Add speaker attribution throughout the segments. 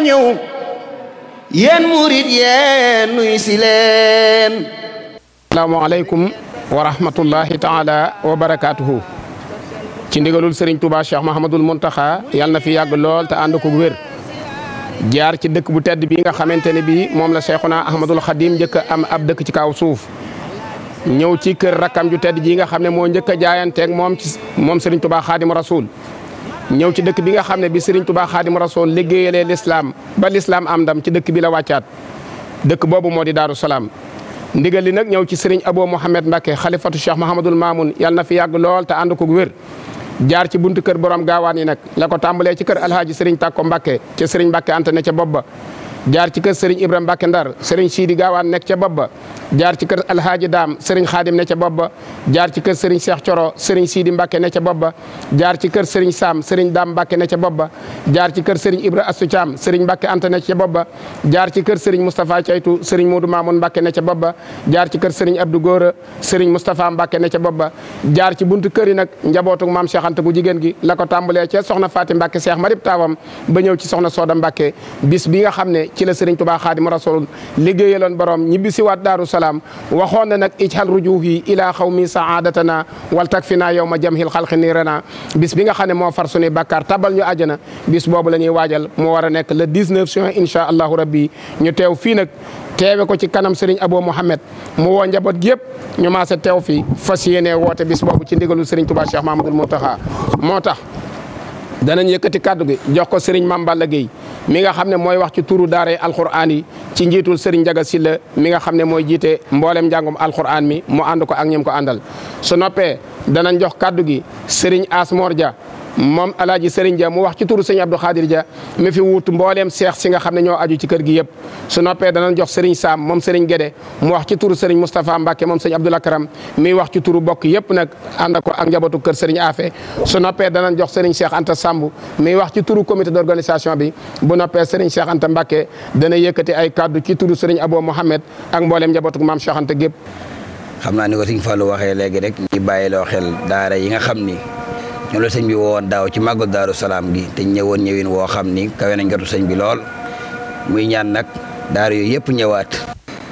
Speaker 1: ñëw yéen murit yéen nuy si leen taala wa barakaatuhu ci ndigalul sëriñ Touba Cheikh Mahamadul Muntaxa yàlla na fi yàgg lool te ànd ko wér jaar ci dëkk bu tedd bi nga xamante ne bii moom la Cheikhuna Ahmadul Xadim njëkk am ab dëkk ci kaw suuf ñëw ci kër rakkam ju tedd jii nga xam ne moo njëkk a jaayanteeg moom ci moom sëriñ Touba Xadim Rasul ñëw ci dëkk bi nga xam ne bi Serigne Touba Khadim Rasoul liggéeyalee lislaam ba lislaam am ndam ci dëkk bi la wàccaat dëkk boobu moo di Daaru Salaam ndigal li nag ñëw ci Serigne Abo Mouhamed Mbacke xalifatu Cheikh Mahamadul Mamoun yàlla na fi yàgg lool te ànd ko wér. jaar ci buntu kër borom gaawaan yi nag la ko tàmbalee ci kër Alhaji Serigne Takko Mbacke ca Serigne Mbacke ante ne ca bopp ba jaar ci kër Serigne Ibrahima Mbacke Ndar Serigne Sidi Gaawaan nekk ca bopp ba jaar ci kër Alhaaji Daam Serigne Xaadim ne ca bopp ba jaar ci kër Serigne Cheikh Coro Serigne Sidi Mbacke ne ca bopp ba jaar ci kër Serigne Sam Serigne Daam mbakke ne ca bopp ba jaar ci kër Serigne Ibra Astu Caam Serigne Mbacke Anta ne ca bopp ba jaar ci kër Serigne Moustapha Caytu Serigne Modou Mamoun Mbacke ne ca bopp ba jaar ci kër Serigne Abdou Góora Serigne Moustapha mbakke ne ca bopp ba jaar ci buntu kër yi nag njabootu maam Cheikh Anta bu jigéen gi la ko tàmbalee ca soxna Faati Mbacke Cheikh Marib taawam ba ñëw ci soxna Sooda Mbacke bis bi nga xam ne ci la Serigne Touba Xaadim Rasul liggéeyaloon borom ñibbi si waat Daaru Salaam waxoon na nag ijhal rujuhi ila xawmi saadatana wal takfina yawma jamhil xalqi nirana bis bi nga xam ne moo far suñuy bàkkaar tabal ñu àjjana bis boobu la ñuy waajal mu war a nekk le 19 juin incha allahu rabbi ñu teew fii nag teewe ko ci kanam Serigne Abo Mouhamed mu woo njaboot gi yëpp ñu maase teew fi fas yéene woote bis boobu ci ndigalu Serigne Touba Cheikh Mahamadoul Mountakha moo tax danañ yëkkati kàddu gi jox ko Serigne Mame Balla Gueye mi nga xam ne mooy wax ci turu yi alxuraan yi ci njiitul Serigne Ndiaga Sylla mi nga xam ne mooy jiite mboolem njàngum alxuraan mi mu ànd ko ak ñim ko àndal su noppee danañ jox kàddu gi Serigne Asmor Dia moom alaaji Serigne Dia mu wax ci turu sëñ Abdou Khadir Dia mi fi wuutu mbooleem seex si nga xam ne ñoo aju ci kër gi yëpp su noppee danañ jox Serigne saam moom Serigne Guédé mu wax ci turu Serigne Moustapha Mbacke moom sëñ Abdoul Akram mi wax ci turu bokk yëpp nag ànd ak njabootu kër Serigne Afé su noppee danañ jox Serigne Cheikh Anta Samb mi wax ci turu comité d'organisation bi bu noppee Serigne Cheikh Anta Mbacke dana yëkkati ay kaddu ci turu Serigne Abo Mohamed ak mbooleem njabootu maam Cheikh Anta gépp
Speaker 2: xam naa ni ko sëñ Fallou waxee léegi rek ñu bàyyiloo xel daara yi nga xam ni ñoom la sëñ bi woowoon daaw ci màggal daaru salaam gi te ñëwoon ñëwin woo xam ni kawe na njortu sëñ bi lool muy ñaan nag daar yooyu yëpp ñëwaat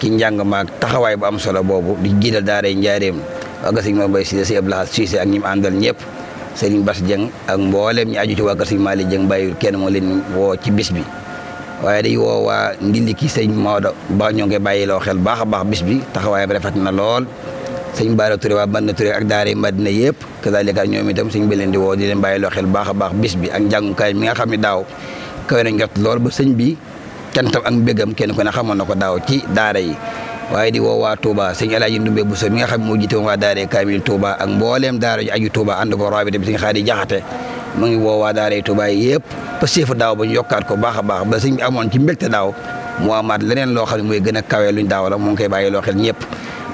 Speaker 2: ki njàng maag taxawaay bu am solo boobu di jiital daara yi njaareem wagga sëñ Mor Mbaye si Abdou Lahad Cissé ak ñi mu àndal ñëpp sëriñ Bass Dieng ak mbooleem ñu aju ci wagga sëñ Malick Dieng bàyyiwul kenn moo leen woo ci bis bi waaye day woo waa ndindi ki sëñ Maodo ba ñoo ngi bàyyiloo xel baax a baax bis bi taxawaay bi rafet na lool sëñ Baara Touré waa Madina Touré ak daara yi Madina yëpp kazalika ñoom itam sëñ di woo di leen bàyyi loo xel baax a baax bis bi mi nga xam ne daaw kawe nañ jot lool ba sëñ bi cantam ak mbégam kenn ku ne xamoon na ko daaw ci daara yi waaye di woo waa Touba sëñ El nga xam moo jiite woon waa daara Kamil Touba ak mbooleem daara ju aju Touba ànd ko mu ngi woo waa daara Touba yi yëpp daaw ba ñu yokkaat ko baax a baax ba sëñ bi amoon ci mbégte daaw mu amaat leneen loo xam ne mooy gën a kawe luñ daaw la mu ngi koy bàyyi loo ñëpp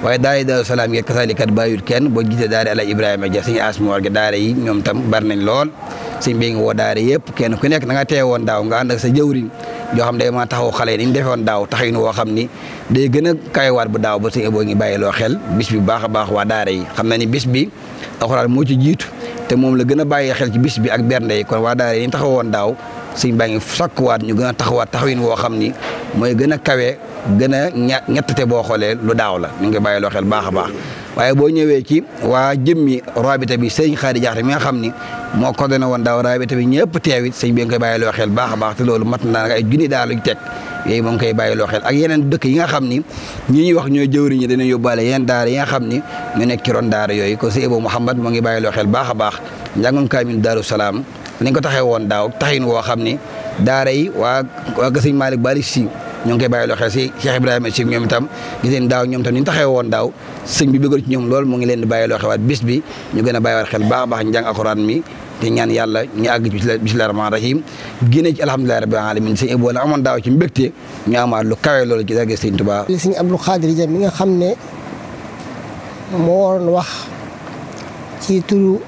Speaker 2: waaye daal yi Daaru Salaam yi kasalikat bàyyut kenn boo gisee daara Alaaji Ibrahima Dia sëñ Asmoor gi daara yi ñoom tam bari nañ lool sëñ bi nga woo daara yëpp kenn ku nekk na nga woon daaw nga ànd ak sa jëwriñ yoo xam day ma taxaw xale yi ni ñu defewoon daaw taxawin woo xam ni day gën a kayiwaat bu daaw ba sëñ boo ngi bàyyiloo xel bis baax a baax waa daara yi xam na ni bis bi alxuraan moo ci jiit te moom la gën a bàyyi xel ci bis bi ak bernde yi kon waa daara yi ni taxawoon daaw sëñ baa ngi sakkuwaat ñu gën a taxawaat taxawin woo xam ni mooy gën a kawe gën a ñettate boo xoolee lu daaw la ñu ngi bàyyi loo xel baax a baax waaye boo ñëwee ci waa jëmmi rabita bi sëñ Xaadi Jaxate mi nga xam ni moo ko doon woon daaw rabita bi ñëpp teewit sëñ bi nga koy bàyyi loo xel baax a baax te loolu mat naa ay junni daal teg yooyu moo ngi koy bàyyi loo xel ak yeneen dëkk yi nga xam ni ñi ñuy wax ñooy jëwriñ ñi dinañ yóbbaale yeneen daara yi nga xam ni ñu nekk ci ron yooyu ko sëñ Ibou Mouhamad moo ngi bàyyi loo xel baax a baax njàngum kaamil Daaru nañ ko taxee woon daaw taxin woo xam ni daara yi waa waa Sëñ Malick Bari Si ñoo ngi koy bàyyi loo xel si Cheikh Ibrahima si ñoom itam gis ngeen daaw ñoom itam ni ñu taxee woon daaw sëñ bi bëggoon ñoom lool mu ngi leen di bàyyi loo xewaat bis bi ñu gën a bàyyiwaat xel baax a baax njàng alxuraan mi te ñaan yàlla ñu àgg ci bismillahi rahmaani rahim génne ci alhamdulilahi rabbil alamin sëñ Ibou la amoon daaw ci mbégte ñu amaat lu kawe loolu ci dagge sëñ Tuubaa sëñ
Speaker 3: Abdou wax ci turu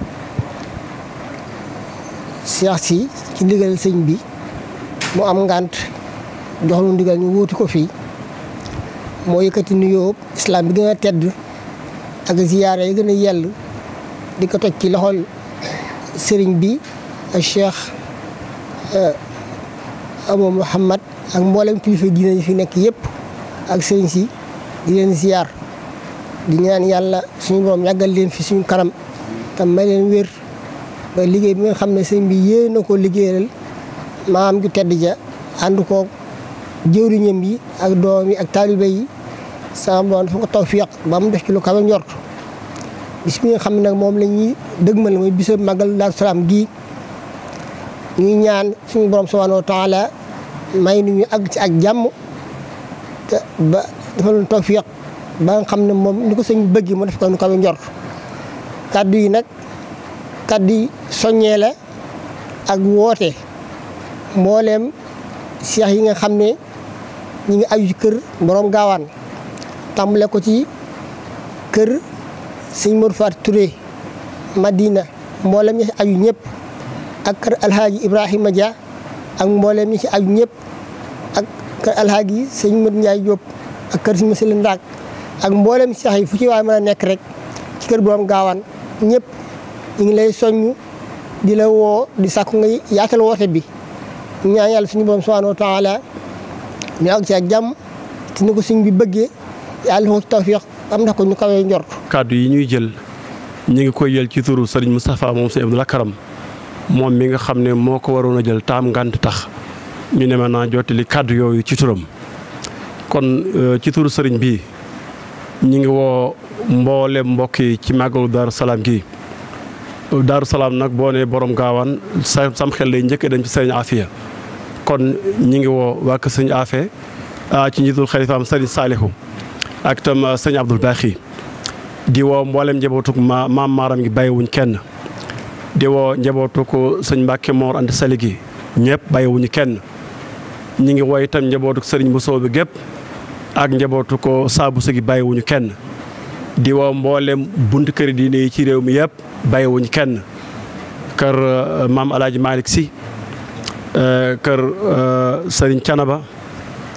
Speaker 3: Cheikh si ci ndigal sëñ bi mu am ngant jox mu ndigal ñu wuuti ko fii moo yëkkati nuyoo islam bi gën a tedd ak ziyaara yi gën a yell di ko toj ci loxol sëriñ bi ak Cheikh eh, Abou Mouhamad ak mboolem kilifa diine yi fi nekk yëpp ak sëriñ si di leen ziyaar di ñaan yàlla suñu borom yàggal leen fi suñu kanam tam may leen wér ba liggéey bi nga xam ne sëñ bi yéene na ko liggéeyal maam ju tedd ja ànd koog jëwriñam yi ak doom yi ak taalibe yi sama borom dafa ko tawfiq ba mu def ci lu kawe njort nga xam ne nag moom la ñuy dëgmal mooy bisab magal Daaru Salaam gii ñuy ñaan suñu borom subhanahu wa taala may nu ñu àgg ci ak jàmm te ba dafa doon xam ne moom ni ko sëñ bëgg mu def ko lu kawe njort kàddu yi nag kaddi soññee la ak woote mbooleem seex yi nga xam ne ñi ngi aju ci kër borom gaawaan tàmbale ko ci kër sëñ Mor Faat Touré Madina mboolem ñi ci aju ñëpp ak kër alhaaji Ibrahima Dia ak mboolem ñi ci aju ñëpp ak kër alhaaji sëñ Mor Ndiaye Diop ak kër sëñ Masila Ndaak ak mboolem seex yi fu ci waay mën a nekk rek ci kër borom gaawaan ñëpp ñu ngi lay soññ di la woo di nga ngay yaatal woote bi ñaan yàlla suñu borom subhanahu wa taala ñu àgg ci ak jàmm te ni ko suñ bi bëggee yàlla ko ci tawfiq am na ko ñu kawee njort.
Speaker 4: kàddu yi ñuy jël ñu ngi koy jël ci turu sëriñ Moustapha moom si Abdou Lakaram moom mi nga xam ne moo ko waroon a jël taam ngànt tax ñu ne ma naa jottali kàddu yooyu ci turam kon euh, ci turu sëriñ bi ñu ngi woo mboole mbokk yi ci màggalu Daaru Salaam gi. daaru salaam nag boo nee boroom gaawaan sa sam xel lay njëkk dem ci sëriñ Afia kon ñi ngi woo waa kër sëriñ Afia ah, ci njiitul xalifaam sëriñ Saalihu ak itam ah, sëriñ Abdul Baaxi di woo mboolem njabootuk ma maam maaram gi bàyyiwuñ kenn di woo njabootuk sëñ Mbàkke Moor Anta Sali gi ñëpp bàyyiwuñu kenn ñi ngi woo itam njabootuk sëriñ Bousso bi gépp ak njabootuk saabu si gi bàyyiwuñu kenn di woo mboolem buntu kër diine yi ci réew mi yëpp bàyyiwuñ kenn kër euh, maam El Hadj Malick Sy euh, kër euh, Serigne Canaba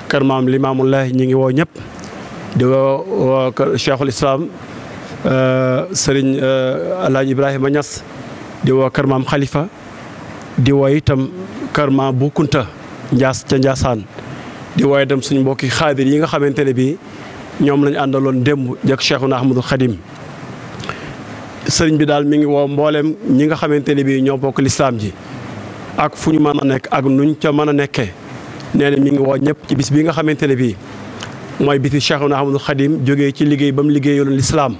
Speaker 4: kër maam Limaamullah ñu ngi woo ñëpp di woo woo kër Cheikhul Islam Serigne El Hadj Ibrahima ñas di woo kër maam Khalifa di woo itam kër maam Boukounta Ndiass ca Ndiassane di woo itam suñu mbokki xaadir yi nga xamante ne bii. ñoom lañu àndaloon démb jëkk Cheikhuna Ahmadou Khadim sëriñ bi daal mi ngi woo mbooleem ñi nga xamante ni bii ñoo bokk lislaam ji ak fu ñu mën a nekk ak nuñ ca mën a nekkee nee na mi ngi woo ñëpp ci bis bi nga xamante ne bii mooy bisi Cheikhuna Ahmadou Khadim jógee ci liggéey ba mu liggéeyaloon lislaam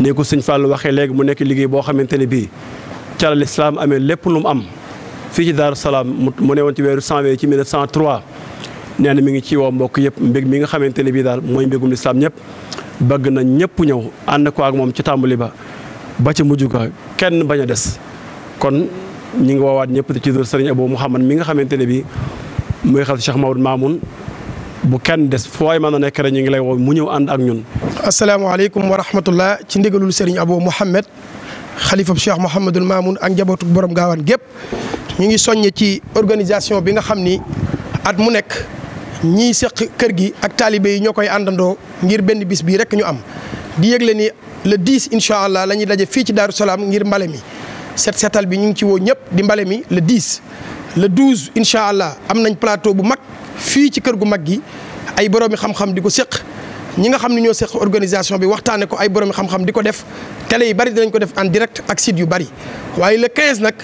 Speaker 4: ni ko sëñ lu waxee léegi mu nekk liggéey boo xamante ne bii ca la lislaam amee lépp lu mu am fii ci Daaru Salaam mu ne woon ci weeru janvier ci 1903 nee na mi ngi ci woo mbokk yëpp mbég mi nga xamante ne bii daal mooy mbégum lislaam ñëpp bagg na ñëpp ñëw ànd ko ak moom ci tàmbali ba ba ci mujj ga kenn bañ a des kon ñi ngi woowaat ñëpp di ci dóor sëriñ Abou Mouhamad mi nga xamante ne bii muy xel Cheikh Maodo Mamoun bu kenn des fooy mën nekk rek ñu ngi lay woo mu ñëw ànd ak ñun.
Speaker 5: asalaamaaleykum wa rahmatullah ci ndigalul sëriñ Abou Mouhamad xalifab Cheikh Mouhamadul Mamoun ak njabootu borom gaawaan gépp ñu ngi soññe ci organisation bi nga xam ni at mu nekk. ñii seq kër gi ak taalibe yi ñoo koy àndandoo ngir benn bis bii rek ñu am di yëgle ni le 10 incha allah la ñuy daje fii ci Daaru Salaam ngir mbale mi set setal bi ñu ngi ci woo ñëpp di mbale mi le 10 le 12 incha allah am nañ plateau bu mag fii ci kër gu mag gi ay boroomi xam-xam di ko seq ñi nga xam ne ñoo seq organisation bi waxtaane ko ay boroomi xam-xam di ko def télé yi bari dinañ ko def en direct ak yu bari waaye le 15 nag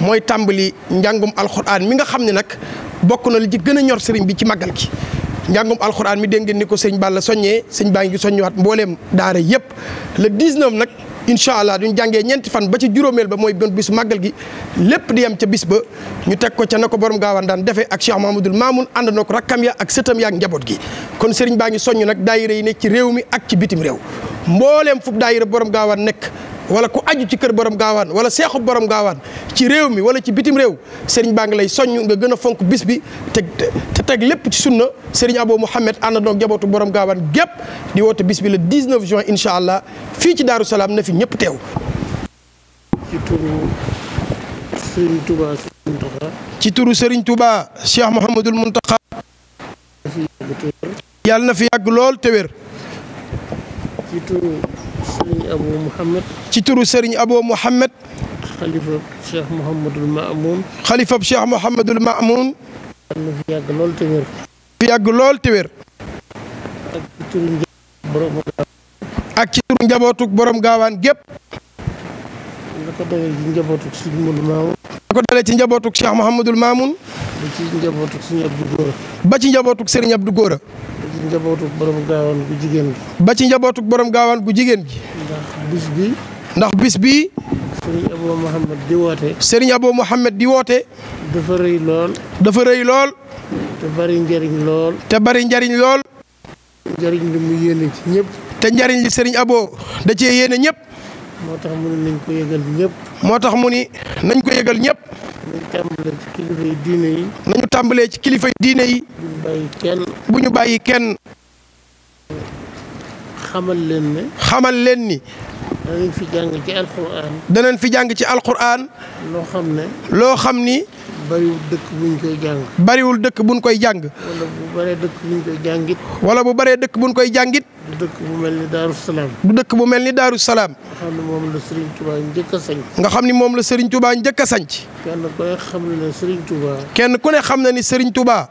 Speaker 5: mooy tàmbali njàngum alxuraan mi nga xam ne nag bokk na li ci gën a ñor sëriñ bi ci màggal gi njàngum alxuraan mi dégg ngeen ni ko sëñ Balla soññee sëñ baa ngi soññewaat mbooleem daara yëpp le 19 nag incha allah duñ jàngee ñeenti fan ba ci juróomeel ba mooy doon bisu màggal gi lépp di yem ca bis ba ñu teg ko ca na ko borom gaawaan daan defee ak Cheikh Mahamadul Mamoun ànd na ko rakkam ya ak sëtam ya ak njaboot gi kon sëriñ baa ngi soññ nag daayira yi nekk ci réew mi ak ci bitim réew mbooleem fu daayira borom gaawaan nekk wala ku aju ci kër borom gaawaan wala seexu borom gaawaan ci réew mi wala ci bitim réew sëriñ baa ngi lay soññ nga gën a fonk bis bi te teg lépp ci sunna sëriñ Abo Mouhamed ànd doog jabootu borom gaawaan gépp di woote bis bi le 19 juin incha allah fii ci Daaru Salaam na fi ñëpp teew. ci turu Serigne Touba Serigne Touba. ci na fi yàgg lool te ci turu sëriñ Abou Mouhamed.
Speaker 6: xalifa Cheikh Mouhamadul
Speaker 5: Mamoun. na fi yàgg lool ci turu njabootu borom gaawaan. ak ci turu njabootu borom gaawaan gépp. la ko dalee ci njabootu Cheikh Mouhamadul Mamoun. sëriñ Abdou ci jigéen ba ci njabootuk boroom gaawaan gu jigéen ji
Speaker 6: ndax bis bi. ndax bis bi. Serigne Abo Mouhamed di woote. sëriñ
Speaker 5: Abo Mouhamed di woote. dafa rëy lool. dafa rëy lool. te bari njariñ lool. te bari njariñ lool. njariñ li mu yéene ci ñëpp. te njariñ li Serigne Abo da cee yéene ñëpp. moo tax mu ni nañ ko yëgal ñëpp. moo tax mu ni nañ ko yëgal ñëpp. nañu tàmbalee ci kilifa yi diine yi. bu ñu bàyyi kenn. xamal leen xamal leen ni.
Speaker 6: danañ fi jàng ci alquran.
Speaker 5: danañ fi jàng ci alquran. ne. loo xam ni. bariwul dëkk buñ koy jàng. bariwul dëkk buñ koy jàng.
Speaker 6: wala bu baree dëkk buñ koy jàngit.
Speaker 5: wala bu baree dëkk buñ koy jàngit. du
Speaker 6: dëkk bu mel ni Daaru Salaam.
Speaker 5: du dëkk bu mel ni Daaru Salaam.
Speaker 6: nga xam ni moom la Serigne Touba njëkk a sanc.
Speaker 5: nga xam ni moom la Serigne Touba njëkk a sanc. kenn ku
Speaker 6: ne xam ne kenn ku ne xam na ni
Speaker 5: sëriñ Touba.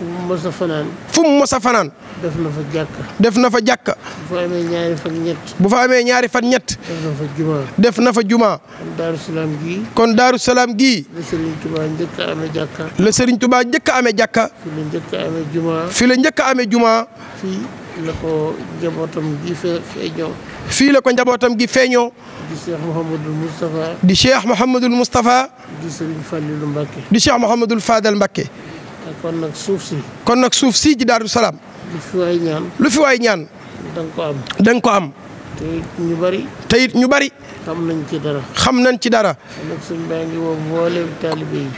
Speaker 6: fu mu mës a fanaan.
Speaker 5: fu mu fanaan.
Speaker 6: def na fa jàkka.
Speaker 5: def na fa jàkka.
Speaker 6: bu fa amee ñaari fan ñett. bu fa ñaari fan ñett. def na fa jumaa. def na fa jumaa. kon Daaru Salaam gii. kon Daaru Salaam gii. njëkk amee jàkka.
Speaker 5: la Serigne njëkk amee jàkka.
Speaker 6: fi
Speaker 5: jumaa.
Speaker 6: fi la ko njabootam gi feeñoo. fii la ko
Speaker 5: njabootam gi feeñoo.
Speaker 6: di Cheikh Mouhamadul Moustapha. di Cheikh
Speaker 5: Mouhamadul Moustapha.
Speaker 6: di Serigne Fallilou Mbacké.
Speaker 5: di
Speaker 6: kon nag suuf si.
Speaker 5: kon nag suuf si ci Daaru
Speaker 6: Salaam. lu fi waay ñaan. lu fi waay ñaan. da nga ko am.
Speaker 5: da nga ko am. te ñu bari. te it xam nañ ci dara. xam nañ ci dara.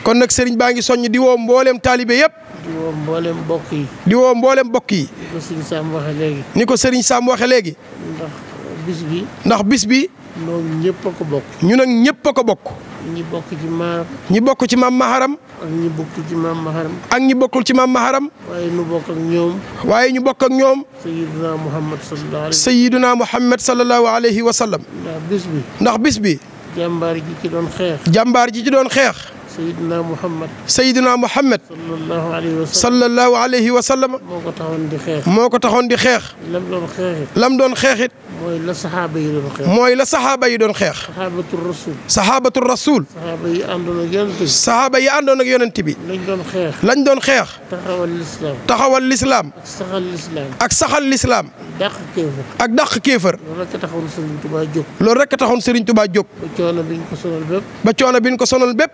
Speaker 5: kon nag sëriñ baa ngi kon nag sëriñ baa ngi soññ diwoo woo mbooleem taalibe yëpp.
Speaker 6: mboolem woo bokk
Speaker 5: yi. di woo mbooleem bokk yi.
Speaker 6: ni ko sëriñ Sam waxe léegi. ni ko sëriñ Sam waxe léegi. bis bi.
Speaker 5: ndax bis bi. ñoom ñëpp a ko bokk. ñu nag ñëpp a bokk.
Speaker 6: ñi bokk ci maam.
Speaker 5: ñi bokk ci maam Maharam.
Speaker 6: ak ñi bokkul ci maam Maharam.
Speaker 5: ak ñi bokkul ci maam Maharam. waaye ñu bokk ak ñoom. waaye ñu bokk ak ñoom.
Speaker 6: Sayyiduna Muhammad sallallahu alayhi. Sayyiduna
Speaker 5: Muhammad sallallahu wa sallam. ndax bis bi. ndax bis bi. jàmbaar ji jàmbaar ji ci doon xeex. Seydina Muhammad. Seydina Muhammad. sallallahu alayhi wa sallam. sallallahu alayhi wa sallam. moo
Speaker 6: ko taxoon di xeex. moo ko taxoon di xeex. lam doon xeexit. lam doon xeexit. mooy la saxaaba yi doon xeex. mooy
Speaker 5: la saxaaba yi doon xeex. saxaabatu rasul. saxaabatu rasul. saxaaba
Speaker 6: yi àndoon ak yonent bi.
Speaker 5: saxaaba yi àndoon ak yonent bi. lañ doon xeex. lañ doon xeex.
Speaker 6: taxawal lislaam. taxawal lislaam. ak saxal lislaam.
Speaker 5: ak saxal lislaam. dàq kéefër. ak dàq kéefër. loolu rek a taxoon Serigne Touba jóg. loolu rek a taxoon Serigne Touba jóg. ba coono biñ ko sonal bépp. ba coono biñ ko sonal bépp.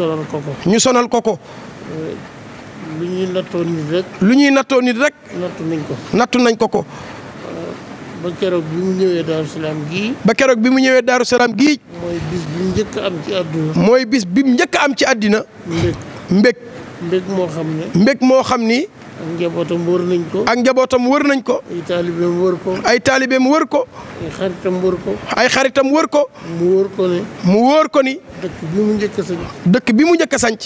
Speaker 6: sonal ko ñu sonal ko ko. lu ñuy nattoo nit rek. lu ñuy nattoo nit rek. nattu nañ ko.
Speaker 5: nattu nañ ko ko.
Speaker 6: ba keroog bi mu ñëwee Daaru Salaam gii.
Speaker 5: ba keroog bi mu ñëwee Daaru Salaam mooy
Speaker 6: bis bi mu njëkk am ci àdduna. mooy
Speaker 5: bis àddina. mbég mbég. moo xam ni. ak njabootam wër nañ ko. ak njabootam wër nañ ko. ay taalibeem wër ko. ay taalibeem wër ko.
Speaker 6: ay xaritam wër ko.
Speaker 5: ay xaritam wër ko. mu wóor ko ne. mu wóor ko ni. dëkk bi mu njëkk a sanc. dëkk bi mu njëkk sanc.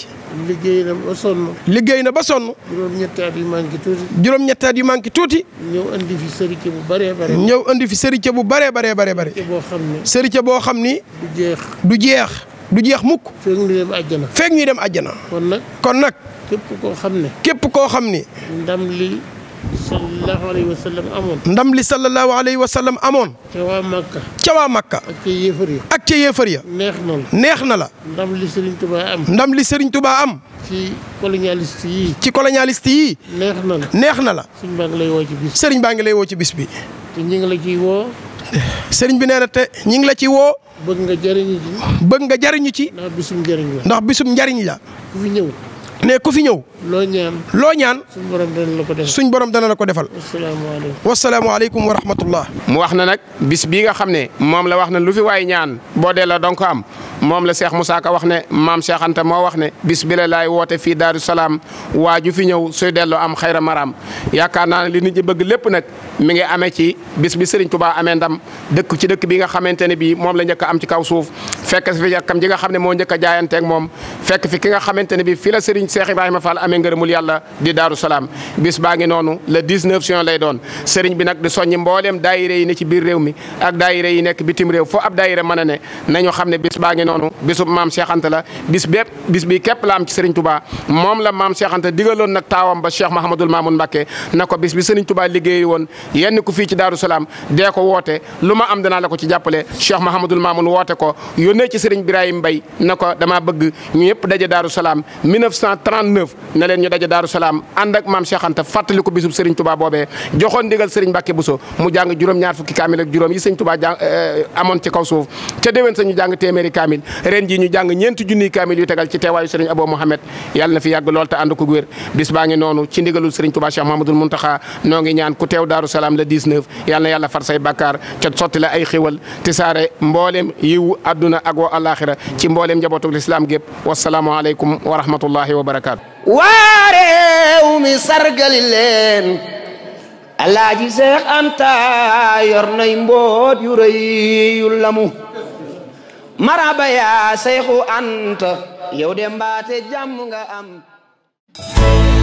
Speaker 6: liggéey na ba sonn. liggéey na ba sonn. juróom-ñetti at manqué tuuti.
Speaker 5: juróom-ñetti at yu tuuti.
Speaker 6: ñëw andi fi sërite bu bëree bëree. ñëw
Speaker 5: andi fi sërite boo xam ni. sërite boo xam ni. du jeex. du jeex. du jeex mukk. feeg ñu dem àjjana. feeg ñuy dem àjjana. kon nag kon nag. képp koo xam ne. képp koo xam ne.
Speaker 6: ndam li sallallahu alayhi wa amoon.
Speaker 5: ndam li sallallahu alayhi wa sallam amoon.
Speaker 6: cawa waa Makka.
Speaker 5: ca Makka. ak ca yéefar ya.
Speaker 6: neex na la neex na la. ndam li Serigne tubaa am. ndam
Speaker 5: li Serigne Touba
Speaker 6: ci colonialiste yii.
Speaker 5: ci colonialiste neex na la neex na la. Serigne baa ngi lay woo ci bis. bi. te ñi ngi la ciy woo. sëriñ bi nee na te ñi ngi la ci woo. bëgg nga jariñu ci. bëgg nga jariñu ci. ndax bisum njariñ la. ndax bisum njariñ la. ku fi ne ku fi ñëw. loo ñaan. loo ñaan. suñ borom dana la ko defal suñ borom dana la ko defal. wasalaamaaleykum. wasalaamaaleykum wa rahmatullah.
Speaker 1: mu wax na nag bis bii nga xam ne moom la wax na lu fi waay ñaan boo delloo dong ko am. moom la Cheikh Moussa Ka wax ne maam Cheikh Anta moo wax ne bis bi la laay woote fii Daaru Salaam fi ñëw suy delloo am xayra maraam yaakaar naa ne nit ñi bëgg lépp nag mi ngi amee ci bis bi Serigne Touba amee ndam dëkk ci dëkk bi nga xamante ne bii moom la njëkk a am ci kaw suuf fekk fi yàkkam ji nga xam ne moo njëkk a jaayanteeg moom fekk fi ki nga xamante ne bii fi la Serigne Cheikh Ibrahima Fall amee ngërëmul yàlla di Daaru bis baa ngi noonu le 19 juin lay doon Serigne bi nag di soññi mbooleem daayire yi nekk bitim réew foo ab daayire mën a ne nañu xam ne bis noonu bisub maam Cheikh Anta la bis bépp bis bi képp la am ci Serigne Touba moom la maam Cheikh Anta digaloon nag taawam ba Cheikh Mahamadul Mamoun Mbacké na ko bis bi Serigne Touba liggéey woon yenn ku fii ci Daaru Salaam dee ko woote lu ma am danaa la ko ci jàppale Cheikh Mahamadul Mamoun woote ko yónnee ci Serigne Birahim Mbaye na ko damaa bëgg ñu yëpp daje Daaru Salaam 1939 na leen ñu daje Daaru Salaam ànd ak maam Cheikh Anta fàttali ko bisub Serigne Touba boobee joxoon ndigal Serigne Mbacké Bousso mu jàng juróom-ñaar fukki kaamil ak juróom yi Serigne Touba jàng euh, amoon ñu jàng téeméeri kaamil ren ji ñu jàng ñeenti junniy kaamil yu tegal ci teewaayu sëriñ Abo Mohamed yàlla na fi yàgg lool ànd ko wér bis ngi noonu ci ndigalul sëriñ Touba Cheikh Mahamadul Muntaxa noo ngi ñaan ku teew Daaru Salaam la 19 yàlla na yàlla far say bàkkaar ca sotti la ay xéwal ti saare mbooleem yiw àdduna ak alaaxira ci mbooleem njabootu lislaam gépp wasalaamu aleykum wa wa barakaatu
Speaker 2: waareew sargali leen alaaji Seex Anta yor nay mboot yu rëy maraba yaa seyxu anta yow de mbaate jàmm nga am